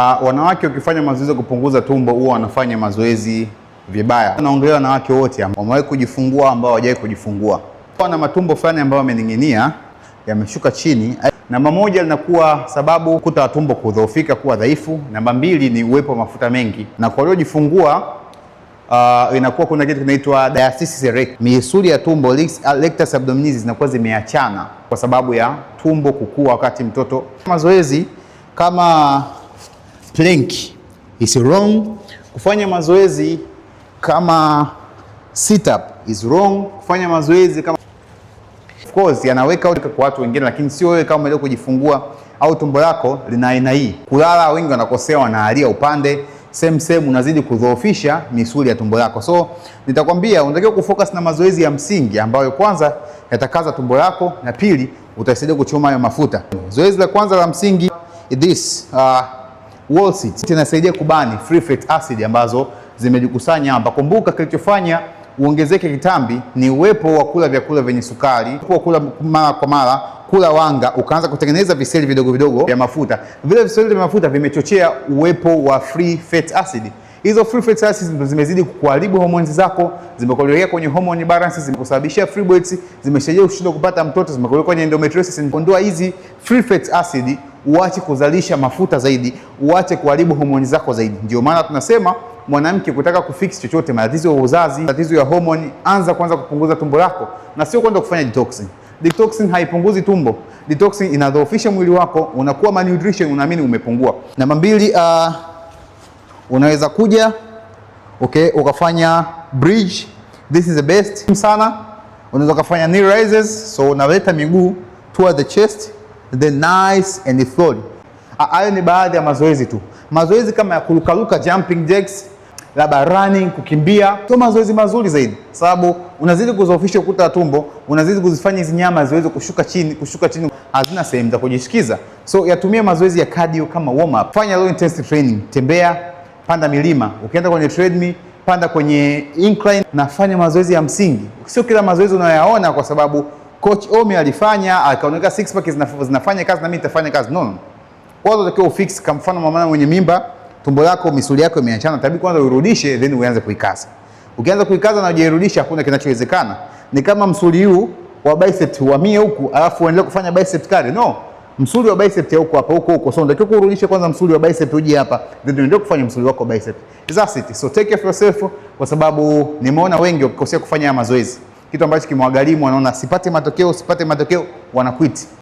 Uh, wanawake wakifanya mazoezi ya kupunguza tumbo huwa wanafanya mazoezi vibaya. Naongelea wanawake wote ambao wamewahi kujifungua, ambao hawajawahi kujifungua, wana matumbo fulani ambayo yamening'inia, yameshuka chini. Namba moja linakuwa sababu kuta tumbo kudhoofika, kuwa dhaifu. Namba mbili ni uwepo wa mafuta mengi, na kwa waliojifungua Uh, inakuwa kuna kitu kinaitwa diastasis recti. Misuli ya tumbo ah, rectus abdominis zinakuwa zimeachana kwa sababu ya tumbo kukua wakati mtoto. Mazoezi kama plank is wrong. Kufanya mazoezi kama sit up is wrong. Kufanya mazoezi kama of course yanaweka kwa watu wengine, lakini sio wewe kama umetoka kujifungua au tumbo lako lina aina hii. Kulala wengi wanakosea, wanaalia upande same same, unazidi kudhoofisha misuli ya tumbo lako. So nitakwambia unatakiwa kufocus na mazoezi ya msingi ambayo kwanza yatakaza tumbo lako na pili utasaidia kuchoma hayo mafuta. Zoezi la kwanza la msingi this uh, wall sit inasaidia kubani free fatty acid ambazo zimejikusanya hapa. Kumbuka kilichofanya uongezeke kitambi ni uwepo wa kula vyakula vyenye sukari, kwa kula mara kwa mara, kula wanga, ukaanza kutengeneza viseli vidogo vidogo vya mafuta. Vile viseli vya mafuta vimechochea uwepo wa free fatty acid. Hizo free fatty acids zimezidi kuharibu homoni zako, zimekuelekea kwenye hormone imbalance, zimekusababisha fibroids, zimeshajia ushindwe kupata mtoto, zimekuelekea kwenye endometriosis. Ondoa hizi free fatty acid uache kuzalisha mafuta zaidi, uache kuharibu homoni zako zaidi. Ndio maana tunasema mwanamke kutaka kufix chochote, matatizo ya uzazi, matatizo ya homoni, anza kwanza kupunguza tumbo lako na sio kwenda kufanya detoxing. Detoxing haipunguzi tumbo, detoxing inadhoofisha mwili wako, unakuwa malnutrition, unaamini umepungua. Namba mbili, uh, unaweza kuja okay, ukafanya bridge. This is the best sana. Unaweza ukafanya knee raises, so unaleta miguu toward the chest the nice and the throw. Hayo ni baadhi ya mazoezi tu, mazoezi kama ya kurukaruka, jumping jacks, labda running, kukimbia, sio mazoezi mazuri zaidi, sababu unazidi kuzoofisha ukuta wa tumbo, unazidi kuzifanya hizi nyama ziweze kushuka chini, kushuka chini, hazina sehemu za kujishikiza. So yatumie mazoezi ya cardio kama warm up. Fanya low intensity training, tembea, panda milima, ukienda kwenye treadmill panda kwenye incline, nafanya mazoezi ya msingi. Sio kila mazoezi unayoyaona kwa sababu Coach Omi alifanya akaoneka six pack zinafanya kazi na mimi nitafanya kazi. No, no. Kwanza unatakiwa ufix, kwa mfano mama mwenye mimba, tumbo lako, misuli yako imeachana, tabii kwanza urudishe, then uanze kuikaza. Ukianza kuikaza na hujairudisha, hakuna kinachowezekana. Ni kama msuli huu wa bicep uhamie huku, alafu uendelee kufanya bicep kale. No, msuli wa bicep ya huku hapa huko huko, so unatakiwa kurudisha kwanza msuli wa bicep uje hapa, then uendelee kufanya msuli wako wa bicep. That's it. So take care of yourself, kwa sababu nimeona wengi wakikosea kufanya mazoezi kitu ambacho kimwagalimu, wanaona sipate matokeo, sipate matokeo, wanakwiti.